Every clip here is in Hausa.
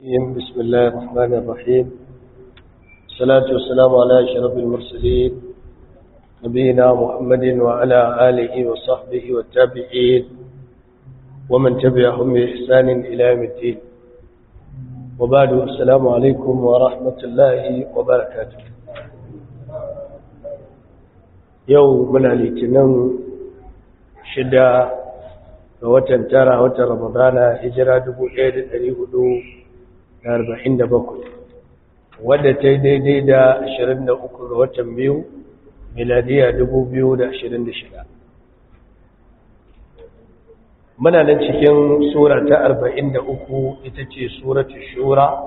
بسم الله الرحمن الرحيم الصلاة والسلام على أشرف المرسلين نبينا محمد وعلى آله وصحبه والتابعين ومن تبعهم بإحسان إلى يوم الدين وبعد السلام عليكم ورحمة الله وبركاته يوم من الاهتمام شدة وتنترى رمضان هجرة دبو 1400 da arba'in da wadda ta yi daidai da ashirin da uku ga watan biyu miladiya dubu biyu da ashirin da shida muna nan cikin surata ta arba'in da uku ita ce suratu shura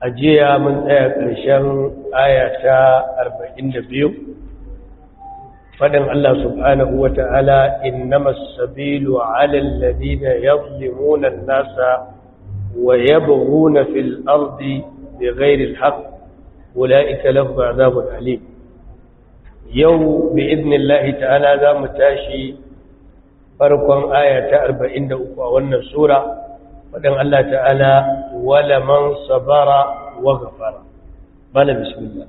a jiya mun tsaya ƙarshen aya ta arba'in da biyu فدن الله سبحانه وتعالى إنما السبيل على الذين ويبغون في الأرض بغير الحق أولئك لهم عذاب أليم يوم بإذن الله تعالى ذا متاشي فرقم آية أربعين وأولنا السورة ودن الله تعالى ولمن صبر وغفر قال بسم الله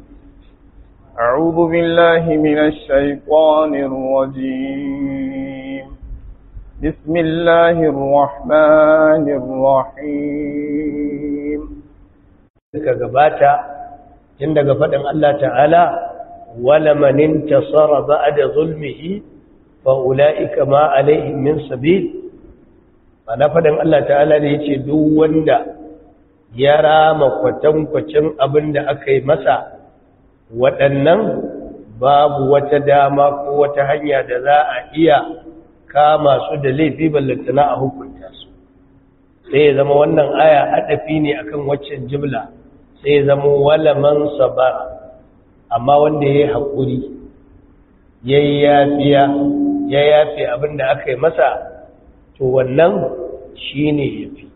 أعوذ بالله من الشيطان الرجيم بسم الله الرحمن الرحيم suka gabata tun daga faɗin Allah ta'ala wala man intasara da zulmihi fa ulaika ma alaihim min sabil ana faɗin Allah ta'ala ne yace duk wanda ya rama kwatankwacin abin da aka yi masa waɗannan babu wata dama ko wata hanya da za a iya kama masu da laifi na a hukunta su sai ya zama wannan aya adafi ne akan waccan jimla sai ya zama walaman sabara amma wanda ya yi haƙuri ya yafiya ya yafi abinda aka yi masa to wannan shi ne ya fi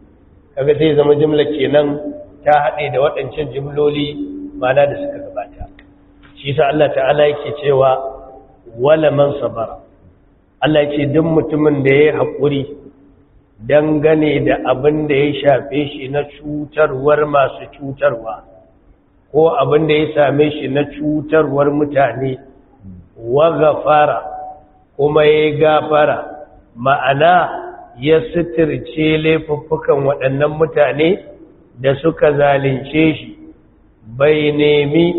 kaga sai zama jimla kenan ta haɗe da waɗancan jimloli mana da suka gabata shi sa Allah ta'ala yake cewa walaman sabara Allah ce duk mutumin da ya haƙuri dangane da abin da ya shafe shi na cutarwar masu cutarwa ko abin da ya same shi na cutarwar mutane wa gafara kuma ya gafara ma'ana ya sitirce laifuffukan waɗannan mutane da suka zalince shi bai nemi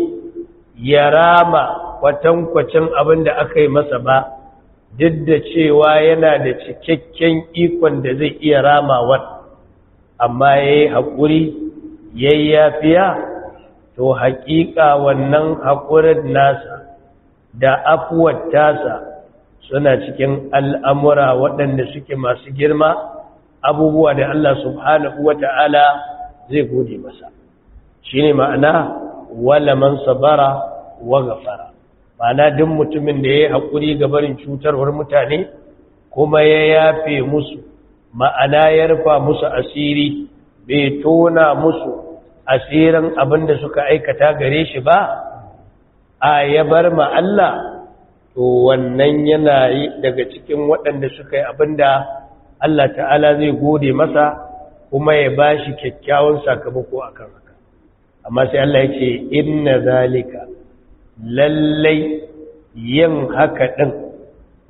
ya rama kwatankwacin abin da aka yi masa ba duk da cewa yana da cikakken ikon da zai iya ramawar amma ya yi haƙuri ya yi yafiya to haƙiƙa wannan haƙurin nasa da afuwar tasa suna cikin al'amura waɗanda suke masu girma abubuwa da Allah subhanahu wa ta'ala zai gode masa shi ne ma'ana wala man sabara wa gafara ma'ana duk mutumin da ya yi haƙuri ga barin cutarwar mutane kuma ya yafe musu ma'ana ya rufa musu asiri bai tona musu asirin abin da suka aikata gare shi ba a ya bar ma Allah to wannan yana daga cikin waɗanda suka yi abin da Allah ta'ala zai gode masa kuma ya ba shi kyakkyawan sakamako a kan haka amma sai Allah ya ce inna zalika lallai yin haka ɗin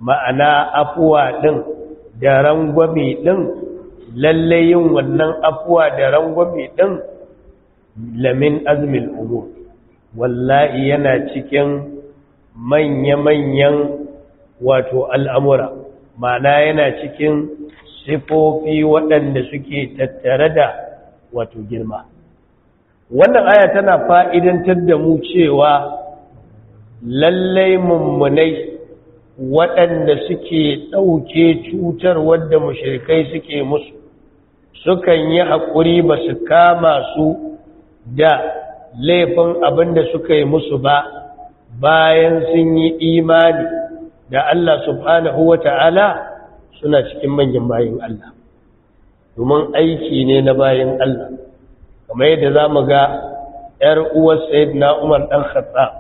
ma'ana afuwa ɗin da rangwame ɗin lallai yin wannan afuwa da rangwame ɗin lamin azumin umu wallahi yana cikin manya-manyan wato al'amura ma'ana yana cikin sifofi waɗanda suke tattare da wato girma wannan aya tana fa'idantar da mu cewa lallai mummunai waɗanda suke ɗauke cutar wadda mushirikai suke musu sukan yi haƙuri ba su kama su da laifin abin da suka yi musu ba bayan sun yi imani da Allah subhanahu wa ta'ala suna cikin manyan bayan Allah domin aiki ne na bayan Allah kamar yadda za mu ga ‘yar uwar sayid na umar ɗan khattab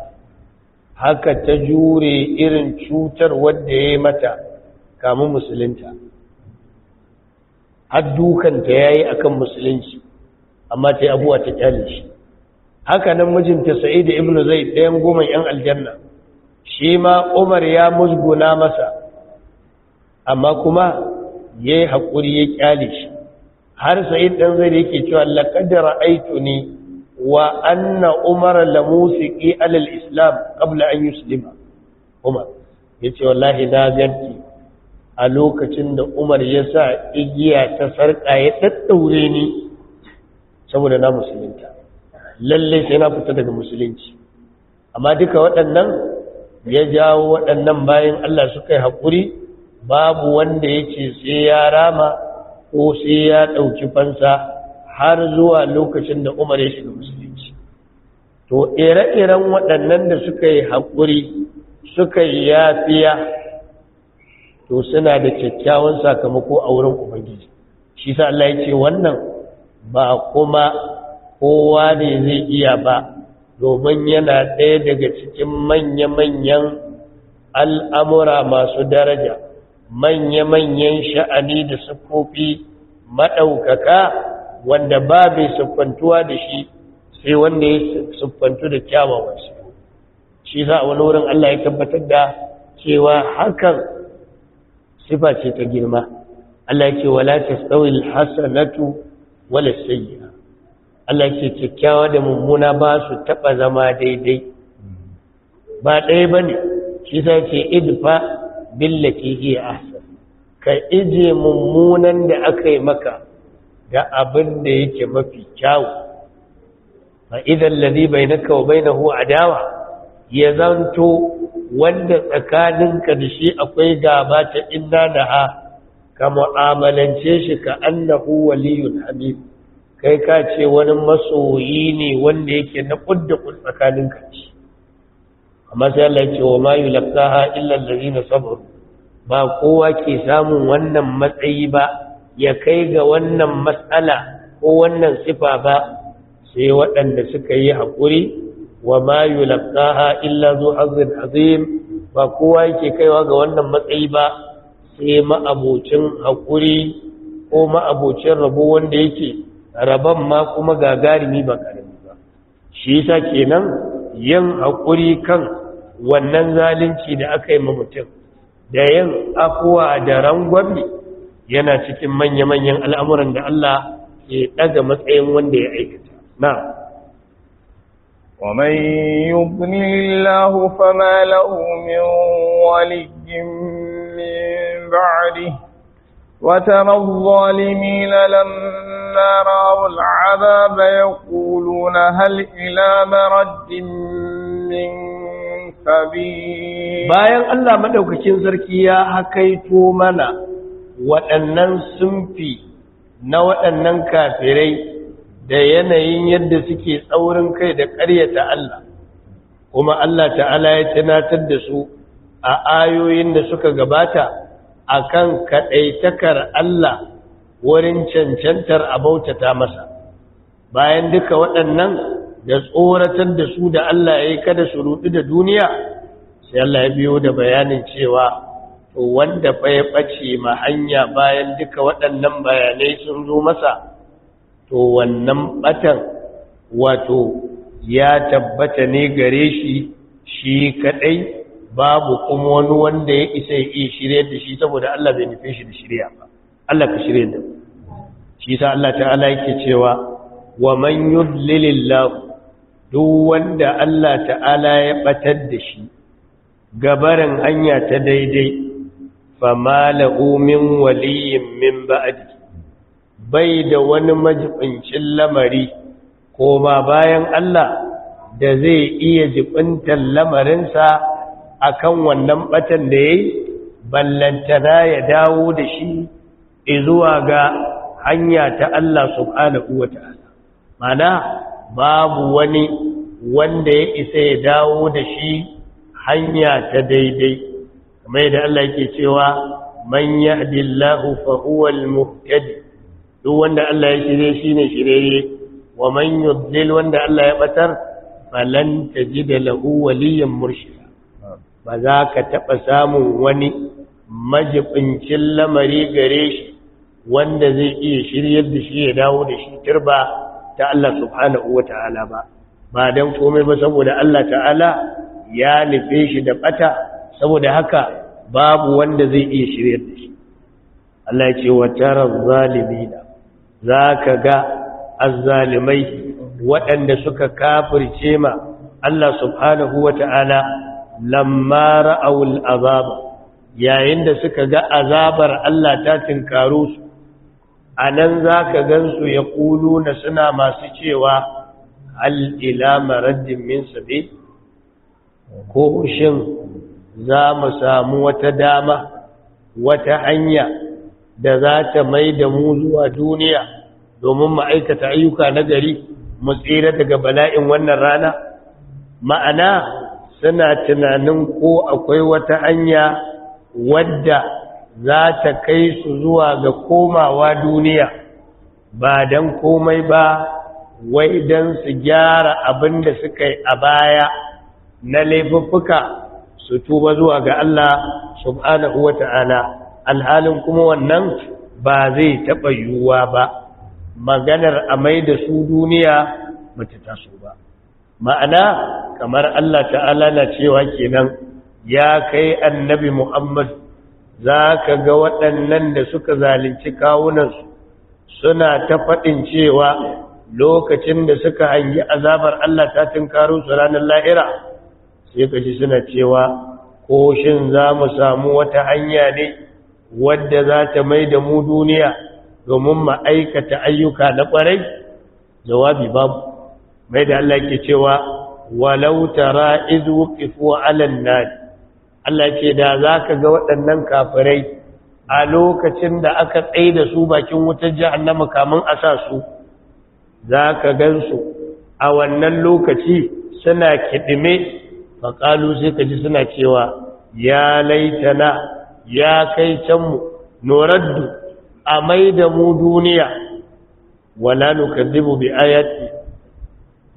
haka ta jure irin cutar wadda ya yi mata kamun musulunta har dukanta ya yi akan musulunci amma ta yi abuwa ta kyale shi haka nan mijinta sa'idu ibn zai ɗayan goma yan aljanna shi ma umar ya musguna masa amma kuma ya yi haƙuri ya kyale shi har sa'id ɗan zai yake cewa laƙadar aitu ne wa anna umar la musiki alal islam qabla an yuslima umar yace wallahi na ganti a lokacin da umar ya sa igiya ta sarka ya daddaure ni saboda na musulunta lalle sai na fita daga musulunci amma duka waɗannan ya jawo waɗannan bayan Allah suka yi haƙuri babu wanda ya sai ya rama ko sai ya ɗauki fansa har zuwa lokacin da umar ya shiga musulunci to ire-iren waɗannan da suka yi haƙuri suka yi yafiya to suna da kyakkyawan sakamako a wurin ubangiji shi sa Allah ya ce wannan ba kuma kowa ne zai iya ba domin yana ɗaya daga cikin manya-manyan al'amura masu daraja manya-manyan sha'ani da siffofi, maɗaukaka wanda ba mai siffantuwa da shi sai wanda ya siffantu da kyawawan shi za a wani wurin Allah ya tabbatar da cewa hakan sifa ce ta girma Allah ya ce wala tsawil hasanatu wala sayyi'a Allah ya ce kyakkyawa da mummuna ba su taba zama daidai ba ɗaya bane shi a ce idfa billati hi ahsan ka ije mummunan da aka yi maka da abin da yake mafi kyawu ba idan ladhi bai wa huwa adawa ya zanto wanda tsakanin karshe akwai gaba ta inna da ha ka mu'amalance shi ka huwa liyun habib kai ka ce wani masoyi ne wanda yake na kudda tsakanin karshe amma sai Allah ce wa ma yulqaha illa na sabaru ba kowa ke samun wannan matsayi ba ya kai ga wannan matsala ko wannan sifa ba sai waɗanda suka yi haƙuri wa ma yulqaha illa zu azir azim ba kowa yake kaiwa ga wannan matsayi ba sai ma'abocin haƙuri ko ma'abocin rabo wanda yake rabon ma kuma gagarumi ba ƙarami ba shi yasa kenan yin haƙuri kan wannan zalunci da aka yi ma mutum da yin afuwa da rangwami yana cikin manya-manyan al’amuran da Allah ke ɗaga matsayin wanda ya aikata. Na. Wame yi ni lahu fama la’umin wali gimin ba’adi, wata mazuwali mi lalan wul’aza bai ƙulu na hal’ila maradin min sabi. Bayan Allah maɗaukakin zarki ya haka mana. waɗannan sunfi na waɗannan kafirai da yanayin yadda suke tsaurin kai da ƙaryata Allah kuma Allah ta'ala ya tunatar da su a ayoyin da suka gabata akan kaɗaitakar Allah wurin cancantar a bautata masa bayan duka waɗannan da tsoratar da su da Allah ya yi kada su rudu da duniya sai Allah ya biyo da bayanin cewa to wanda ya ɓace ma hanya bayan duka waɗannan bayanai sun zo masa to wannan ɓatan wato ya tabbata ne gare shi shi kaɗai babu kuma wani wanda ya isa ya iya shirya da shi saboda Allah bai nufin shi da shirya ba Allah ka shirya da shi sa Allah ta'ala yake cewa wa man yudlilillahu duk wanda Allah ta'ala ya batar da shi gabarin hanya ta daidai fama min waliyin min ba'adi bai da wani majibincin lamari ko ma bayan Allah da zai iya jibintar lamarinsa a kan wannan batan da ya yi ballantana ya dawo da shi zuwa ga hanya ta Allah subhanahu wa mana babu wani wanda ya isa ya dawo da shi hanya ta daidai Mai yadda Allah yake cewa man yahdillahu fa huwa al-muhtadi duk wanda Allah ya dai shine shirye wa man yudlil wanda Allah ya batar falan tajida lahu waliyan murshida ba za ka taɓa samun wani majibincin lamari gare shi wanda zai iya shiryar da shi ya dawo da shi turba ta Allah subhanahu wa ta'ala ba ba dan komai ba saboda Allah ta'ala ya nufe shi da bata saboda haka babu wanda zai iya shiryar da shi Allah ya ce wa tarar zalimina za ga azzalimai waɗanda suka kafirce ma Allah subhanahu wa ta'ala lamma ra'awul azaba yayin da suka ga azabar Allah ta tinkaru su a nan gansu ya ƙulu na suna masu cewa al'ila maradin min sabi ko shin za mu samu wata dama wata hanya da za ta mai da mu zuwa duniya domin ma'aikata ayyuka na gari mu tsira daga bala'in wannan rana ma'ana suna tunanin ko akwai wata hanya wadda za ta kai su zuwa ga komawa duniya ba don komai ba wai don su gyara abin da suka yi a baya na laifuffuka su tuba zuwa ga Allah subhanahu ta'ala, alhalin kuma wannan ba zai taɓa yiwuwa ba maganar a mai da su duniya bata taso ba ma'ana kamar Allah ta'ala na cewa kenan ya kai annabi Muhammad za ka ga waɗannan da suka zalunci kawunansu suna ta faɗin cewa lokacin da suka hangi azabar Allah ta karu su ranar la'ira sai ka ji suna cewa ko shin za mu samu wata hanya ne wadda za ta mai da mu duniya domin ma'aikata ayyuka na ƙwarai jawabi babu mai da Allah ke cewa walau tara izu wuqifu alan ne. Allah ce da za ka ga waɗannan kafirai a lokacin da aka tsaye da su bakin wutar na kamun a sa su za zaka gansu a wannan lokaci suna kiɗime faƙalu sai ka ji suna cewa ya laitana ya kai canmu noraddu a mai da mu duniya wala nukazzibu bi ayati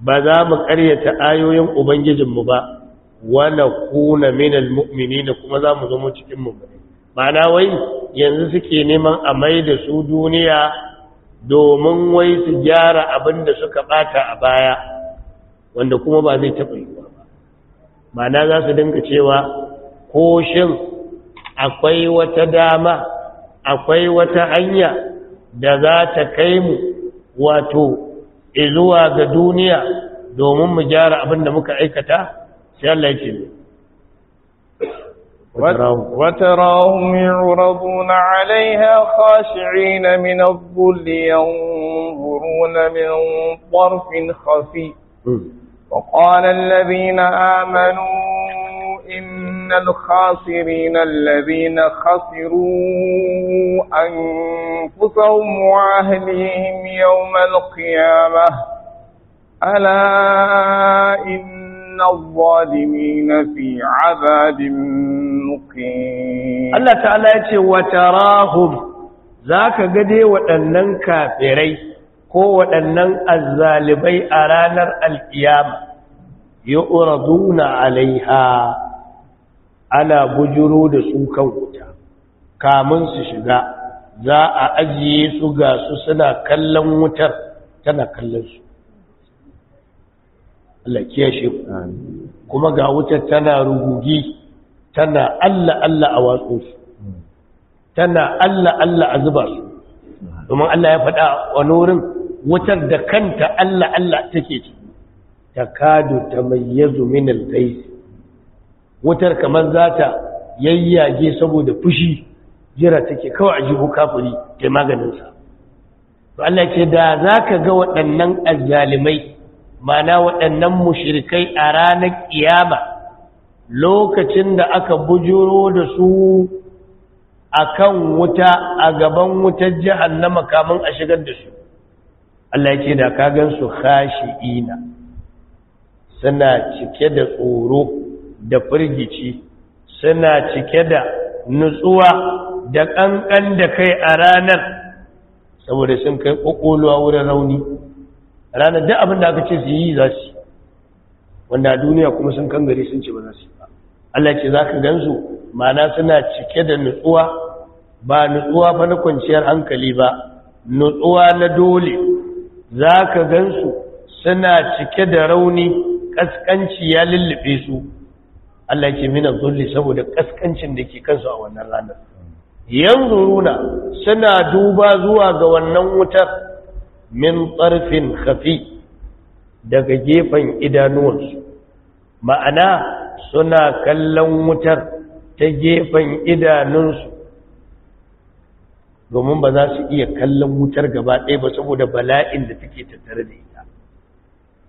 ba za mu ƙaryata ayoyin ubangijinmu ba wala kuna minal da kuma za mu zama cikin ma'ana wai yanzu suke neman a mai da su duniya domin wai su gyara abin da suka bata a baya wanda kuma ba zai taɓa yi ba mana za su dinga cewa ko shin akwai wata dama akwai wata hanya da za ta kai mu wato izuwa ga duniya domin mu gyara abin da muka aikata sai Allah ya ce وتراهم يعرضون عليها خاشعين من الظل ينظرون من طرف خفي وقال الذين آمنوا إن الخاسرين الذين خسروا أنفسهم وأهليهم يوم القيامة ألا إن الظالمين في عذاب مقيم الله تعالى يقول وتراهم ذاك قد وأنن كافرين ko waɗannan azzalibai a ranar ya yu'raduna alaiha ana bujuro da su kan wuta kamun su shiga za a ajiye su ga su suna kallon wutar tana kallon su Allah shi kuma ga wutar tana rugugi tana Allah Allah a watsu su tana Allah Allah a zuba su domin Allah ya faɗa wani wurin wutar da kanta Allah Allah take ci takadu ta min al kai, wutar kamar zata yayyage saboda fushi jira take kawai ajibu kafiri ta maganin sa to Allah ce da zaka ga waɗannan azzalimai mana waɗannan mushrikai a ranar kiyama lokacin da aka bujuro da su akan wuta a gaban wutar jahannama kamun a shigar da su Allah ya ce da ka gan gansu khashi'ina suna cike da tsoro da firgici suna cike da nutsuwa da ƙanƙan da kai a ranar saboda sun kai ƙwaƙwalwa wurin rauni ranar duk abin da aka ce su yi za su wanda duniya kuma sun kan gari sun ce ba za su ba Allah ce za ka gansu mana suna cike da nutsuwa ba nutsuwa fa na kwanciyar hankali ba nutsuwa na dole za ka gansu suna cike da rauni ƙasƙanci ya lullufe su Allah ke mina zulli saboda ƙasƙancin da ke kansu a wannan ranar yanzu runa suna duba zuwa ga wannan wutar min tsarfin hafi daga gefen idanuwansu ma'ana suna kallon wutar ta gefen idanunsu domin ba za su iya kallon wutar gaba ɗaya ba saboda bala'in da take tattare da ita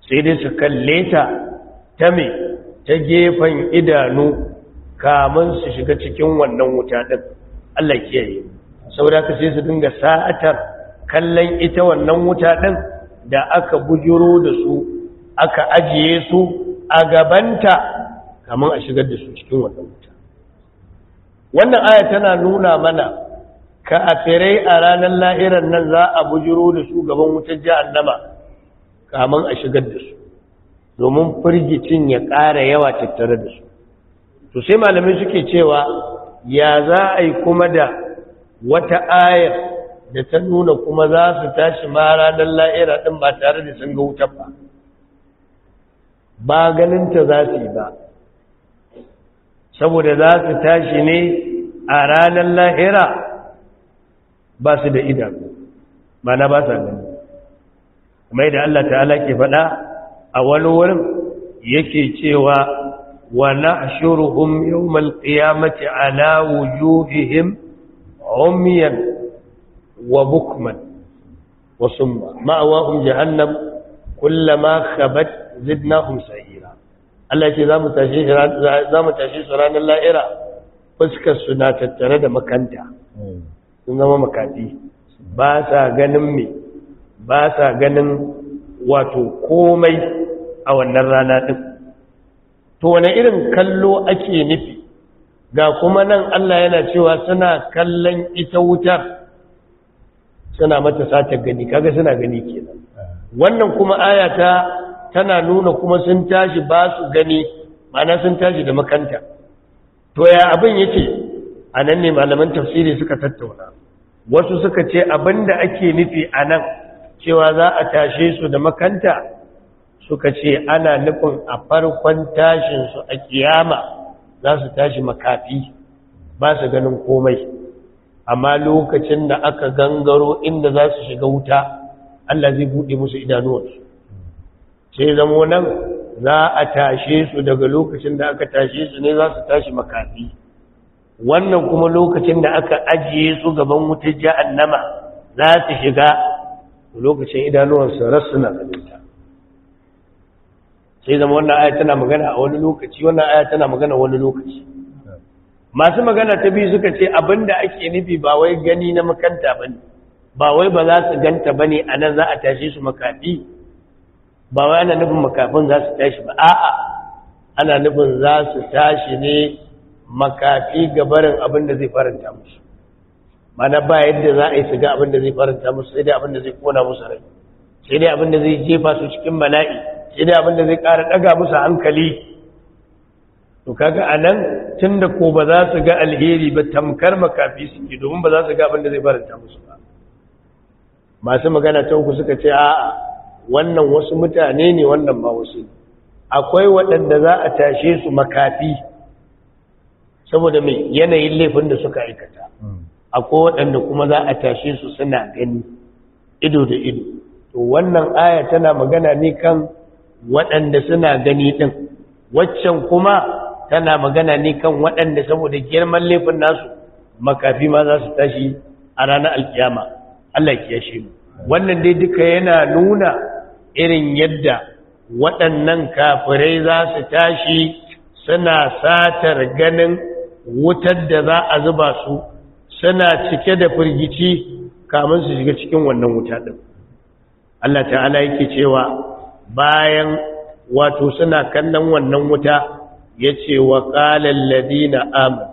sai dai su kalle ta ta me ta gefen idanu kamun su shiga cikin wannan wuta ɗin allah kiyaye saboda ka sai su dinga sa'atar kallon ita wannan wuta ɗin da aka bujiro da su aka ajiye su a gabanta kamun a shigar da su cikin wannan wuta wannan aya tana nuna mana ka a firai a ranar la'irar nan za a bujiro da su gaban wutar nama kamun a shigar da su domin firgicin ya ƙara yawa tattare da su to sai malamai suke cewa ya za a yi kuma da wata ayar da ta nuna kuma za su tashi ma ranar la'irar ɗin ba tare da sun ga wutar ba ba ganinta za su yi ba saboda za su tashi ne a ranar la'ira ba su da idanu na ba sa gani kuma da Allah ta'ala ke faɗa a wani wurin yake cewa wa na ashuruhum yawmal qiyamati ala wujuhihim umyan wa bukman wa summa ma'awahum jahannam kullama khabat zidnahum sa'ira Allah ce za mu tashi za mu tashi su ranar la'ira fuskar su na tattare da makanta hmm. sun zama makafi ba sa ganin me ba sa ganin wato komai a wannan rana ɗin to wane irin kallo ake nufi ga kuma nan Allah yana cewa suna kallon ita wutar suna mata sata gani kaga suna gani kenan wannan kuma ayata tana nuna kuma sun tashi ba su gani ma'ana sun tashi da makanta to ya abin yake a nan ne malaman tafsiri suka tattauna wasu suka ce abinda ake nufi a nan cewa za a tashe su da makanta suka ce ana nufin a farkon tashinsu a kiyama za su tashi makafi ba su ganin komai amma lokacin da aka gangaro inda za su shiga wuta Allah zai buɗe musu idanuwarsu sai zamo nan za a tashe su daga lokacin da aka tashe su ne za su tashi makafi wannan kuma lokacin da aka ajiye su gaban wutar annama, za su shiga lokacin idanuwansu rasu na ganinta sai zama wannan aya tana magana a wani lokaci wannan aya tana magana wani lokaci masu magana ta biyu suka ce abinda ake nufi ba wai gani na makanta ba ne ba wai ba za su ganta ba ne a nan za a tashi su makafi ba wai ana nufin makafin za su tashi ba a'a ana nufin za su tashi ne makafi gabarin abin da zai faranta musu mana ba yadda za a yi shiga abin da zai faranta musu sai dai abin da zai kona musu rai sai dai abin da zai jefa su cikin mala'i sai dai abin da zai ƙara ɗaga musu hankali to kaga anan tunda tun da ko ba za su ga alheri ba tamkar makafi suke domin ba za su ga abin da zai faranta musu ba masu magana ta uku suka ce a'a wannan wasu mutane ne wannan ma wasu akwai waɗanda za a tashe su makafi saboda mai yanayin laifin da suka aikata hmm. akwai waɗanda kuma za a tashe su suna gani ido da ido to wannan aya tana magana ne kan waɗanda suna gani ɗin waccan kuma tana magana ne kan waɗanda saboda girman laifin nasu makafi ma za su tashi a ranar alkiyama Allah ya shi wannan dai duka yana nuna irin yadda waɗannan kafirai za su tashi suna satar ganin wutar da za a zuba su suna cike da firgici kamun su shiga cikin wannan wuta ɗin Allah ta'ala yake cewa bayan wato suna kallon wannan wuta ya ce wa ƙalar ladina amin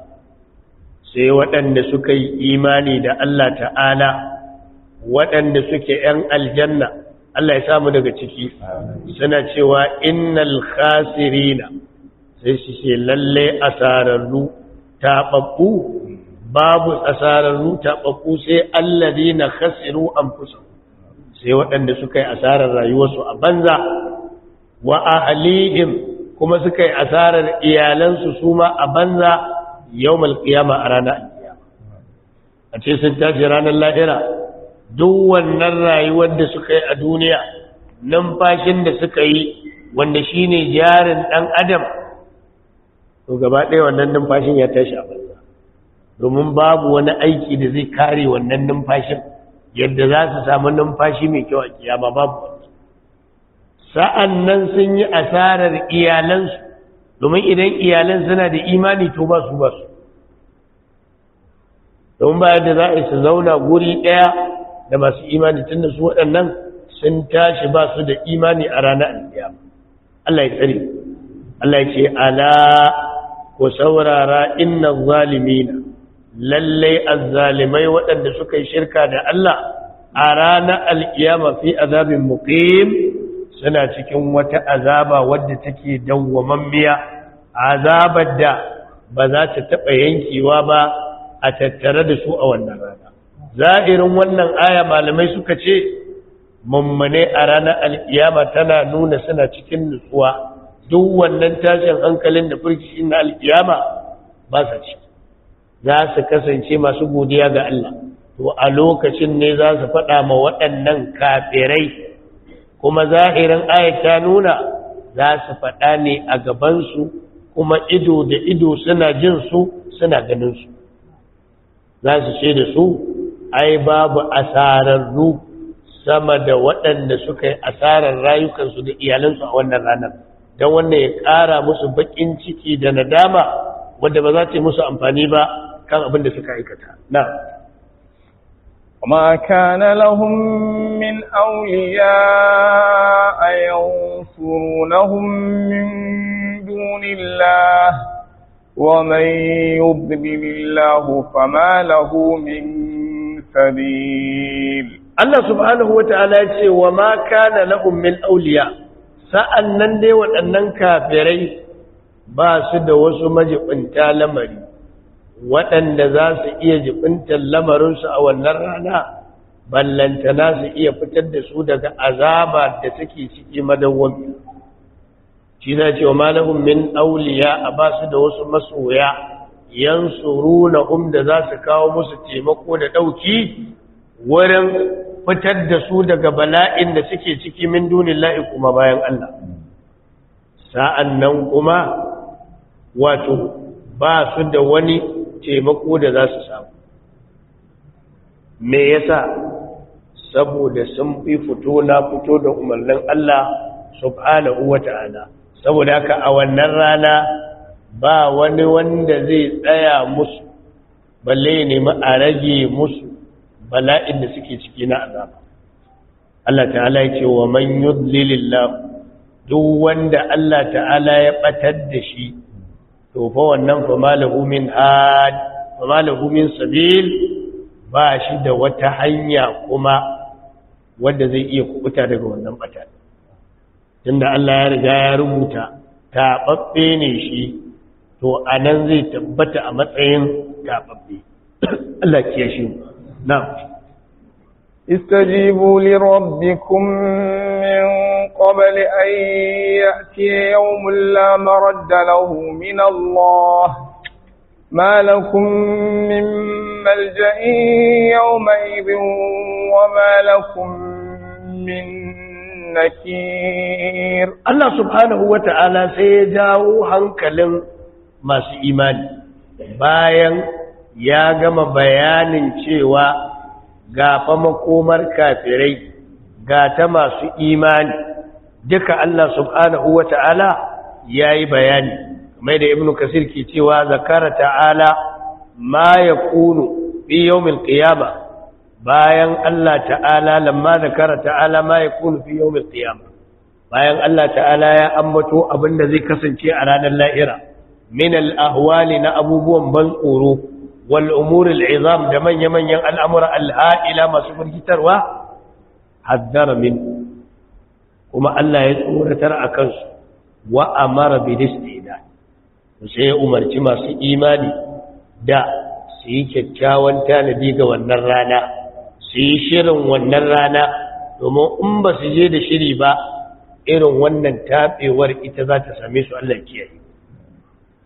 sai waɗanda suka yi imani da Allah ta'ala waɗanda suke ‘yan aljanna Allah ya samu daga ciki suna cewa innal khasirina sai shi ce lalle asararru taɓaɓɓu babu asararru taɓaɓɓu sai allazi na khasiru an sai waɗanda suka yi asarar rayuwarsu a banza wa ahlihim kuma suka yi asarar iyalansu su ma a banza yawmal qiyama a ranar a ce sun tashi ranar lahira duk wannan rayuwar da suka yi a duniya numfashin da suka yi wanda shine jarin ɗan adam to gaba ɗaya wannan numfashin ya tashi a banza domin babu wani aiki da zai kare wannan numfashin yadda za su samu numfashi mai kyau a kiyama babu wannan sa'an nan sun yi asarar iyalansu domin idan iyalan suna da imani to ba su ba su domin ba yadda za a su zauna guri ɗaya da masu imani tun da su waɗannan sun tashi ba su da imani a ranar alƙiyama Allah ya tsare Allah ya ce ala ku saurara inna zalimina lallai azzalimai waɗanda suka yi shirka da Allah a ranar alkiyama fi azabin muqim suna cikin wata azaba wadda take dawwaman miya, azabar da ba za ta taɓa yankewa ba a tattare da su a wannan rana zahirin wannan aya malamai suka ce mummune a ranar alkiyama tana nuna suna cikin nutsuwa duk wannan tashin hankalin da firgishin na alkiyama ba sa ci za su kasance masu godiya ga Allah to a lokacin ne za su faɗa ma waɗannan kafirai kuma zahirin ayat ta nuna za su faɗa ne a gabansu kuma ido da ido suna jin su suna ganin su za su ce da su ai babu asararru sama da waɗanda suka yi asarar rayukansu da iyalansu a wannan ranar don wannan ya kara musu bakin ciki da nadama wadda ba za ta yi musu amfani ba kan abin da suka aikata na ma kana lahum min awliya a min dunillah wa man yudlil Allah fama lahu min sabil Allah subhanahu wa ta'ala ya ce wa ma kana lahum min awliya sa'an nan dai waɗannan kafirai ba su da wasu majibinta lamari waɗanda za su iya jibintar lamarinsu a wannan rana ballantana su iya fitar da su daga azaba da suke ciki madawwami shi na ce wa malahun min auliya a ba su da wasu masoya yan runa na da za su kawo musu taimako da ɗauki wurin fitar da su daga bala'in da suke ciki min dunin la'i kuma bayan Allah sa'an nan kuma wato ba su da wani taimako da za su samu me yasa saboda sun fi fito na fito da umarnin Allah subhanahu wa ta'ala saboda haka a wannan rana ba wani wanda zai tsaya musu balle ne ma a rage musu bala'in da suke ciki na azaba Allah ta'ala ya ce wa man yudlilillah duk wanda Allah ta'ala ya batar da shi to fa wannan fa malahu min had fa malahu min sabil ba shi da wata hanya kuma wanda zai iya kubuta daga wannan bata tunda Allah ya riga ya rubuta tababbe ne shi to anan zai tabbata a matsayin tababbe Allah kiyaye shi نعم استجيبوا لربكم من قبل أن يأتي يوم لا مرد له من الله ما لكم من ملجأ يومئذ وما لكم من نكير الله سبحانه وتعالى سيجاو ya ما سيماني باين ya gama bayanin cewa ga gafa makomar kafirai ga ta masu imani duka Allah subhanahu wa ta'ala ya yi bayani mai da ibn kasir ke cewa zakara ta'ala ma ya kunu fi qiyama bayan Allah ta'ala lamma zakara ta'ala ma ya kunu fi qiyama bayan Allah ta'ala ya ambato abinda zai kasance a ranar la'ira min al-ahwali na abubuwan ban tsoro wal umuril izam da manya-manyan al'amura al'a'ila masu firgitarwa haddara min kuma Allah ya tsoratar a kansu wa amara bilistina sai ya umarci masu imani da su yi kyakkyawan tanadi ga wannan rana su yi shirin wannan rana domin in ba su je da shiri ba irin wannan taɓewar ita za ta same su Allah kiyaye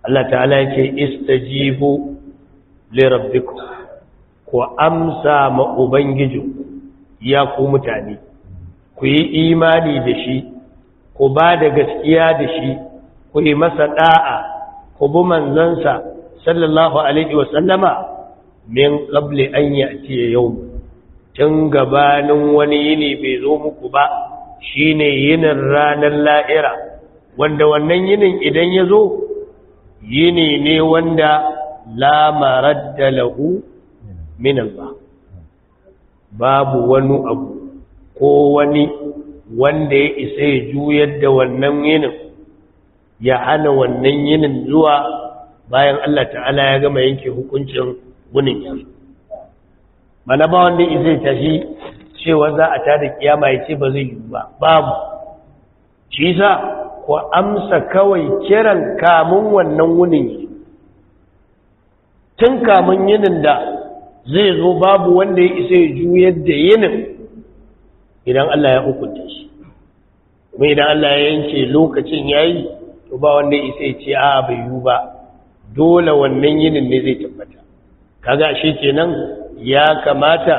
Allah ta'ala yake istajibu lirabbiku ku amsa ma ubangiji ya ku mutane ku yi imani da shi ku ba da gaskiya da shi ku yi masa ɗa'a ku bi manzansa sallallahu alaihi wasallama min qabli an ya'ti yawm tun gabanin wani yini bai zo muku ba shine yinin ranar la'ira wanda wannan yinin idan ya zo yini ne wanda la maradda lahu min Allah babu wani abu ko wani wanda ya isa ya juyar da wannan yinin ya hana wannan yinin zuwa bayan Allah ta'ala ya gama yanke hukuncin gunin yanzu mana ba wanda isa ya tashi cewa za a tada kiyama ya ce ba zai yi ba babu shi sa ku amsa kawai kiran kamun wannan wunin tun kamun yinin da zai zo babu wanda ya isa ya juyar da yinin idan Allah ya hukunta shi kuma idan Allah ya yanke lokacin yayi to ba wanda ya isa ya ce a bai yu ba dole wannan yinin ne zai tabbata kaga shi kenan ya kamata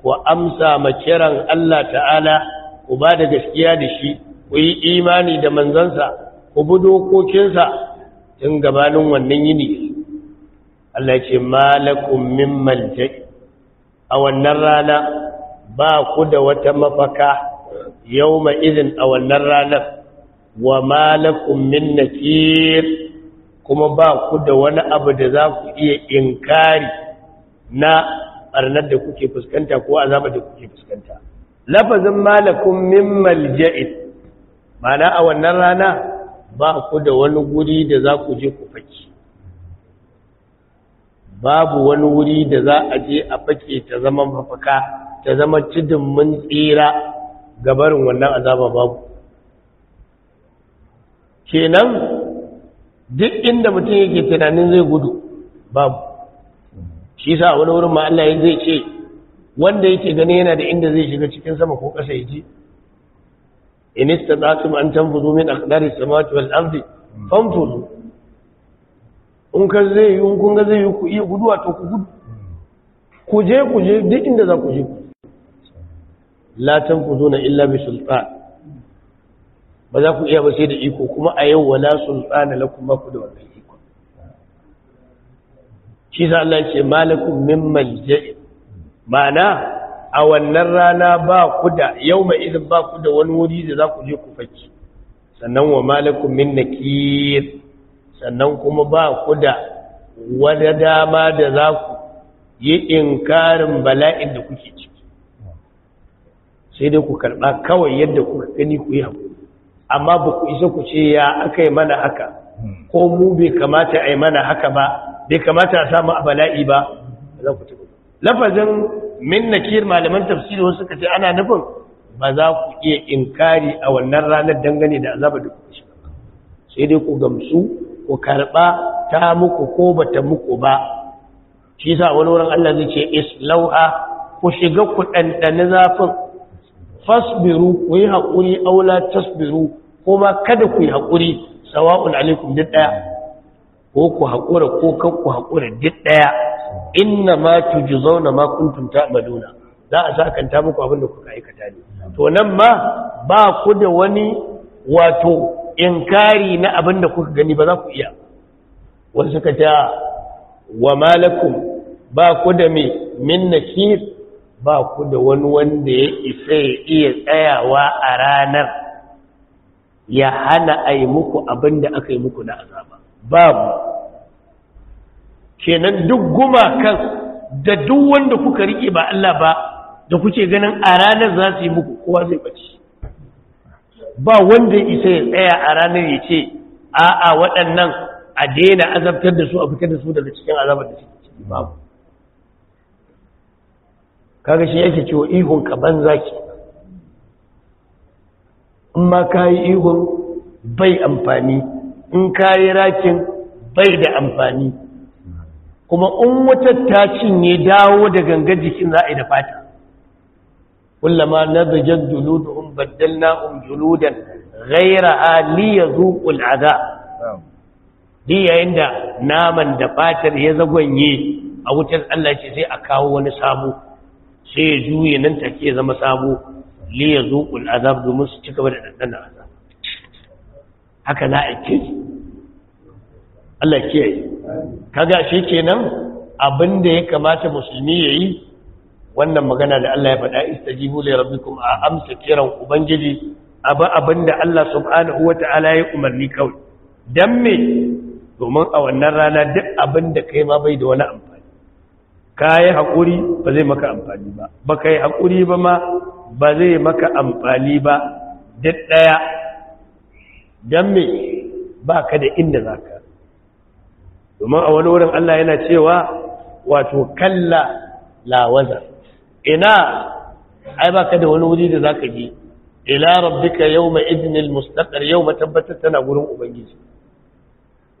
ku amsa ma Allah ta'ala ku ba da gaskiya da shi ku yi imani da manzansa ku bi dokokinsa tun gabanin wannan yini Allah ce malakum min malja'i a wannan rana ba ku da wata mafaka yawma izin a wannan rana wa malakum min nakir kuma ba ku da wani abu da za ku iya inkari na barnar da kuke fuskanta ko azabar da kuke fuskanta lafazin malakum min malja'in mana a wannan rana ba ku da wani guri da za ku je ku faki babu wani wuri da za a je a fake ta zama mafaka ta zama cidin mun tsira gabarin wannan azaba babu kenan duk inda mutum yake tunanin zai gudu babu shi sa wani wurin ma Allah zai ce wanda yake gani yana da inda zai shiga cikin sama ko ƙasa ya ji in istatatum an tanfudu min aqdari samawati wal ardi in ka zai yi in kun ga zai yi ku iya guduwa to ku gudu ku je ku je duk inda za ku je ku la na illa bi sulta ba za ku iya ba sai da iko kuma a yau wala sultana na ba ku da wannan iko shi sa Allah ce malakum min malja'i ma'ana a wannan rana ba ku da yau mai izin ba ku da wani wuri da za ku je ku fakki sannan wa malakum min nakir sannan kuma ba ku da wani dama da za ku yi inkarin bala'in da kuke ciki sai dai ku karɓa kawai yadda kuka gani ku yi haƙuri amma ba ku isa ku ce ya aka yi mana haka ko mu bai kamata a yi mana haka ba bai kamata a samu a bala'i ba za ku tafi lafazin min kiyar malaman tafsiri wasu ka ce ana nufin ba za ku iya inkari a wannan ranar dangane da azabar da kuka ba? sai dai ku gamsu ku karɓa ta muku ko ba ta muku ba shi sa wani wurin Allah zai ce islauha ku shiga ku ɗanɗani zafin fasbiru ku yi haƙuri aula tasbiru ko kada ku yi haƙuri sawa'un alaikum duk ɗaya ko ku haƙura ko kan ku haƙura duk ɗaya inna ma zauna ma kuntum maduna za a sakanta muku abin da kuka aikata ne to nan ma ba ku da wani wato inkari na abin da kuka gani ba za ku iya wasu suka ta ah, wa malakun ba ku da mai min nakir ba ku da wani wanda ya isa ya iya tsayawa a ranar ya hana a yi muku abin da aka yi muku na azaba babu kenan duk gumakan da duk wanda kuka riƙe ba Allah ba da kuke ganin a ranar za su yi muku kowa zai bace ba wanda isa ya tsaya a ranar ya ce a'a waɗannan a daina azabtar da su a fitar da su daga cikin azabar da suke ciki babu kaga shi yake cewa ihun ka ban zaki in ma ka yi ihun bai amfani in ka yi rakin bai da amfani kuma in wata ta cinye dawo da gangar jikin za a yi da fata kullama nadajat juluduhum baddalnahum juludan ghayra liyazuqu al'adab di yayin da naman da fatar ya zagwanye a wutar Allah ce sai a kawo wani sabo sai ya juye nan take zama sabo liyazuqu al'adab domin su cika da dandanan azab haka za a kiri Allah kiyaye kaga shi kenan abinda ya kamata musulmi yayi wannan magana da Allah ya faɗa istajibu li rabbikum a amsa kiran ubangiji aba abinda Allah subhanahu wata'ala ya umarni kawai dan me domin a wannan rana duk abinda kai ma bai da wani amfani kai hakuri ba zai maka amfani ba ba kai hakuri ba ma ba zai maka amfani ba duk daya dan me baka da inda zaka domin a wani wurin Allah yana cewa wato kalla lawazar ina ai baka da wani wuri da zaka bi ila rabbika yawma idnil mustaqar yawma tabbatar tana gurin ubangiji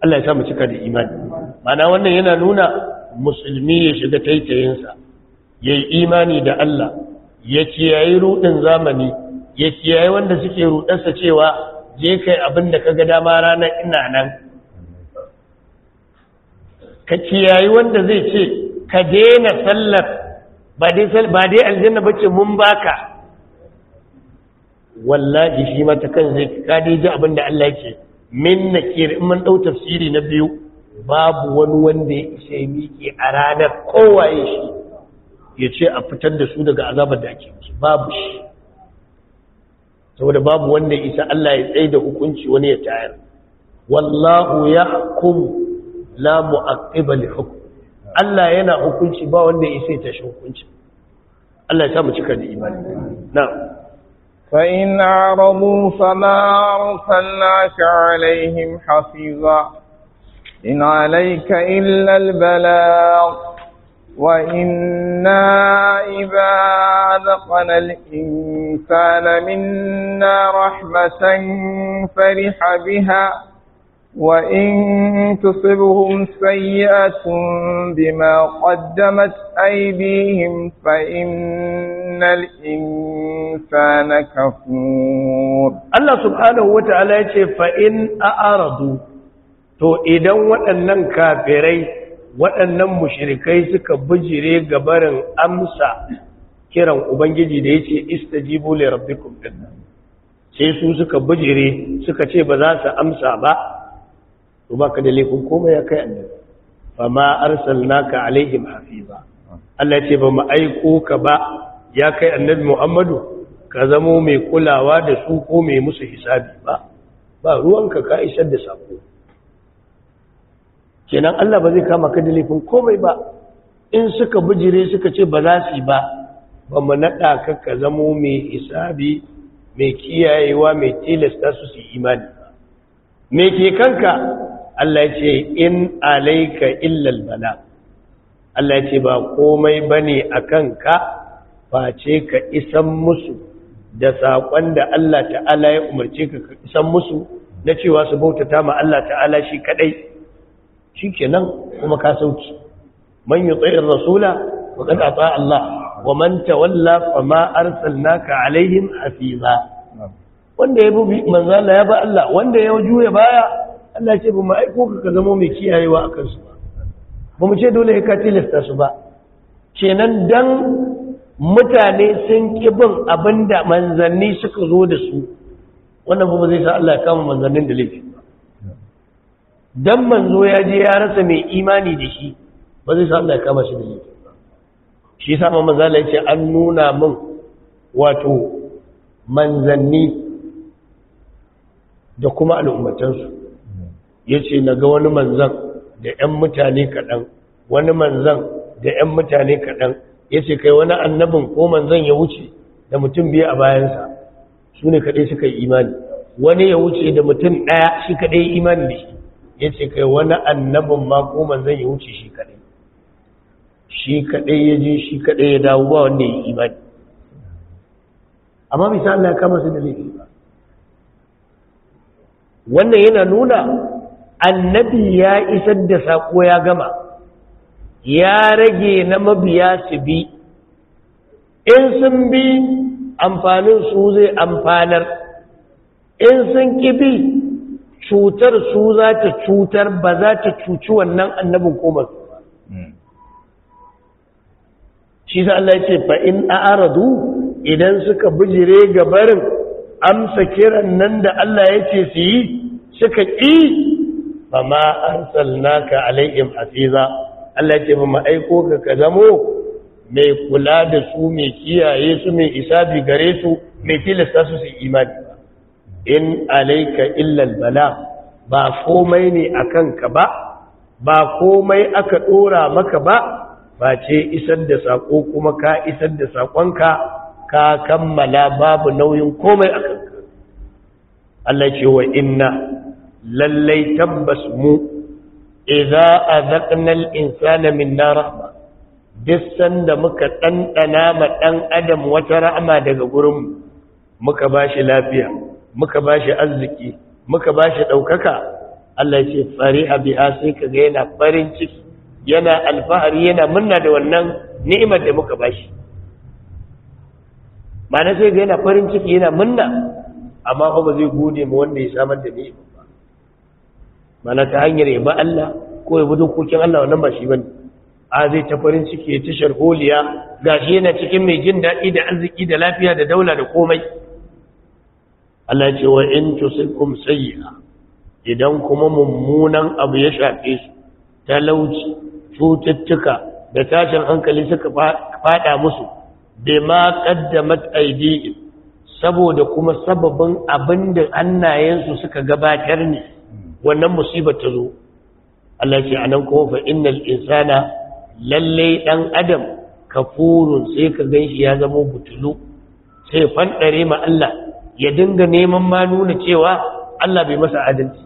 Allah ya sa mu cika da imani mana wannan yana nuna musulmi ya shiga taitayinsa ya yi imani da Allah ya kiyaye rudin zamani ya kiyaye wanda suke sa cewa je kai abin da kaga dama ranar ina nan ka kiyaye wanda zai ce ka daina sallar ba dai aljanna ba ce mun baka wallahi shi mata kan zai dai ji abin da Allah yake min na nakir in mun dau tafsiri na biyu babu wani wanda ya ishe miki a ranar kowaye shi ya ce a fitar da su daga azabar da ake musu babu shi saboda babu wanda isa Allah ya tsaye da hukunci wani ya tayar wallahu yahkum la mu'aqqiba li hukm Allah yana hukunci ba wanda ya sai ta shi hukunci Allah ya samu cika da imani na'am فإن أعرضوا فما أرسلناك عليهم حفيظا إن عليك إلا البلاغ وإنا إذا أذقنا الإنسان منا رحمة فرح بها وإن تصبهم سيئة بما قدمت أيديهم فإن الإنسان كفور الله سبحانه وتعالى يقول فإن أعرضوا to idan waɗannan kafirai waɗannan mushirikai suka bijire barin amsa kiran ubangiji da yace istajibu li rabbikum dinna sai su suka bijire suka ce ba za su amsa ba to ka da laifin komai ya kai annabi ma arsalnaka alaihim hafiza Allah ce ba mu aiko ka ba ya kai annabi Muhammadu ka zamo mai kulawa da su ko mai musu hisabi ba ba ruwanka ka isar da sako kenan Allah ba zai kama ka da laifin komai ba in suka bijire suka ce ba za su ba ba mu naɗa ka ka zamo mai hisabi mai kiyayewa mai tilasta su su imani ba me ke kanka Allah ya ce in alaika illal bala Allah ya ce ba komai bane akan ka face ka isan musu da sakon da Allah ta'ala ya umarce ka ka isan musu na cewa su bautata ma Allah ta'ala shi kadai shikenan kuma ka sauki man yuti'ir rasula qad ata Allah wa man tawalla ma arsalnaka alaihim hafiza wanda ya bi manzala ya ba Allah wanda ya juya baya Allah ce ba mu aiko ka ka zama mai kiyayewa a kansu ba ba mu ce dole ka tilasta su ba kenan dan mutane sun ƙi bin abin da manzanni suka zo da su wannan ba zai sa Allah ya kama manzannin da laifi ba dan manzo ya je ya rasa mai imani da shi ba zai sa Allah ya kama shi da laifi ba shi yasa Allah ya ce an nuna min wato manzanni da kuma al'ummatansu ya ce na ga wani manzan da 'yan mutane kaɗan wani manzan da 'yan mutane kaɗan ya ce kai wani annabin ko manzan ya wuce da mutum biya a bayansa su ne kaɗai suka yi imani wani ya wuce da mutum ɗaya shi kaɗai imani da shi ya ce kai wani annabin ma ko manzan ya wuce shi kaɗai shi kaɗai ya je shi kaɗai ya dawo ba wanda ya yi imani amma bisa Allah ya kama su da laifi ba wannan yana nuna annabi ya isar da saƙo ya gama ya rage na mabiya su bi in sun bi amfanin su zai amfanar in sun bi cutar su za ta cutar ba za ta cuci wannan annabin komar hmm. shi sa Allah ya ce fa in a'radu idan suka bijire gabarin amsa kiran nan da Allah ya ce su yi suka ƙi fama naka alaihim hafiza Allah ce mu aiko ka ka zamo mai kula da su mai kiyaye su mai isabi gare su mai tilasta su su imani in alaika illa albala ba komai ne akan ka ba ba komai aka dora maka ba ba ce isar da sako kuma ka isar da sakonka ka kammala babu nauyin komai akan ka Allah ce wa inna lallai tabbas mu idza azaqna al-insana minna rahma duk sanda muka ɗanɗana ma ɗan adam wata rahma daga gurin muka bashi lafiya muka bashi arziki muka bashi ɗaukaka Allah ya ce fariha biha sai kaga yana farin ciki yana alfahari yana murna da wannan ni'imar da muka bashi ma'ana sai ga yana farin ciki yana murna amma ba zai gode ma wanda ya samar da ni'ima mana ta hanyar ya ba Allah ko ya bi Allah wannan ba shi bane a zai ta farin ciki ta sharholiya gashi yana cikin mai jin daɗi da arziki da lafiya da daula da komai Allah ce wa in tusibkum sayyi'a idan kuma mummunan abu ya shafe su talauci cututtuka da tashin hankali suka fada musu bima qaddamat aydihim saboda kuma sababin abinda annayensu suka gabatar ne wannan musibar ta zo Allah ce anan kuma fa innal insana lalle dan adam kafurun sai ka ganshi ya zama butulu sai fanɗare ma Allah ya dinga neman ma nuna cewa Allah bai masa adalci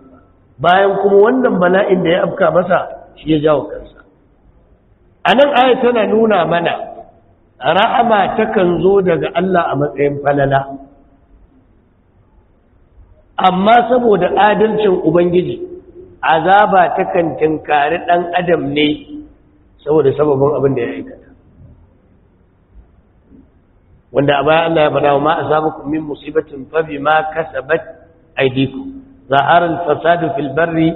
bayan kuma wannan bala'in da ya afka masa shi ya jawo kansa anan aya tana nuna mana rahama takan zo daga Allah a matsayin falala amma saboda adalcin ubangiji azaba ta kan tinkari ɗan adam ne saboda sababin abin da ya aikata wanda a baya Allah ya faɗa wa ma asabakum min musibatin fa bima kasabat aydikum zahara al-fasadu fil barri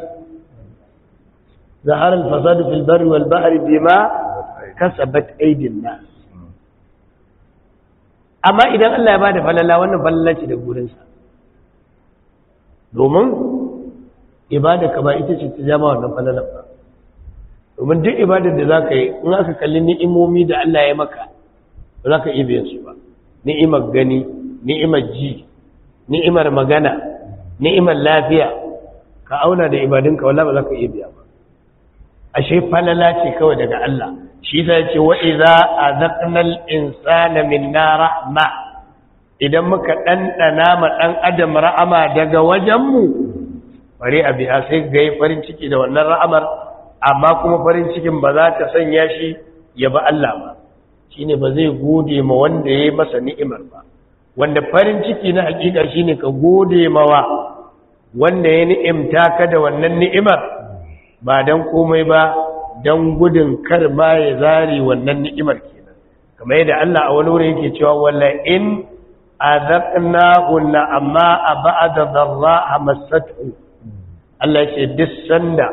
zahara al-fasadu fil barri wal bahri bima kasabat aydin nas amma idan Allah ya bada falala wannan falala ce da gurinsa domin ibada ka ba ita ce ta jama wannan falalan ba domin duk ibadar da za ka yi in aka kalli ni'imomi da Allah ya maka ba za ka iya biyan su ba ni'imar gani ni'imar ji ni'imar magana ni'imar lafiya ka auna da ibadunka wala ba za ka iya biya ba ashe falala ce kawai daga Allah shi ta ce wa idza azaqna insana minna rahma idan muka ɗanɗana ma ɗan adam ra'ama daga wajenmu fari a biya sai ga yi farin ciki da wannan ra'amar amma kuma farin cikin ba za ta sanya shi ya ba Allah ba shi ne ba zai gode ma wanda ya yi masa ni'imar ba wanda farin ciki na hakika shi ne ka gode mawa wanda ya ni'imta ka da wannan ni'imar ba don komai ba don gudun kar ma ya zari wannan ni'imar kenan kamar yadda Allah a wani wuri yake cewa walla in azaqnahunna amma abada a amassatu Allah ce duk sanda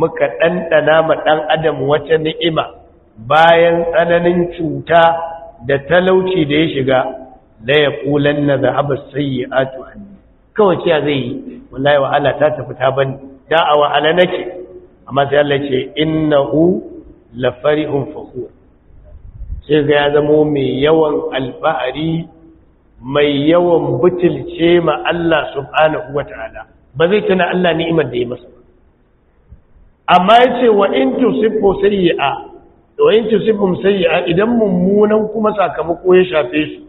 muka ɗanɗana ma ɗan adam wata ni'ima bayan tsananin cuta da talauci da ya shiga la yaqulanna dhahaba a anni kawai ce zai yi wallahi wahala ta tafi ta bani da a wahala nake amma sai Allah ce innahu la fakhur sai ga ya zamo mai yawan alfahari mai yawan butulce ma Allah subhanahu ta’ala ba zai tana Allah ni'imar da ya masa ba. amma ya ce wa in tusibbu a, wa in a idan mummunan kuma sakamako ya shafe su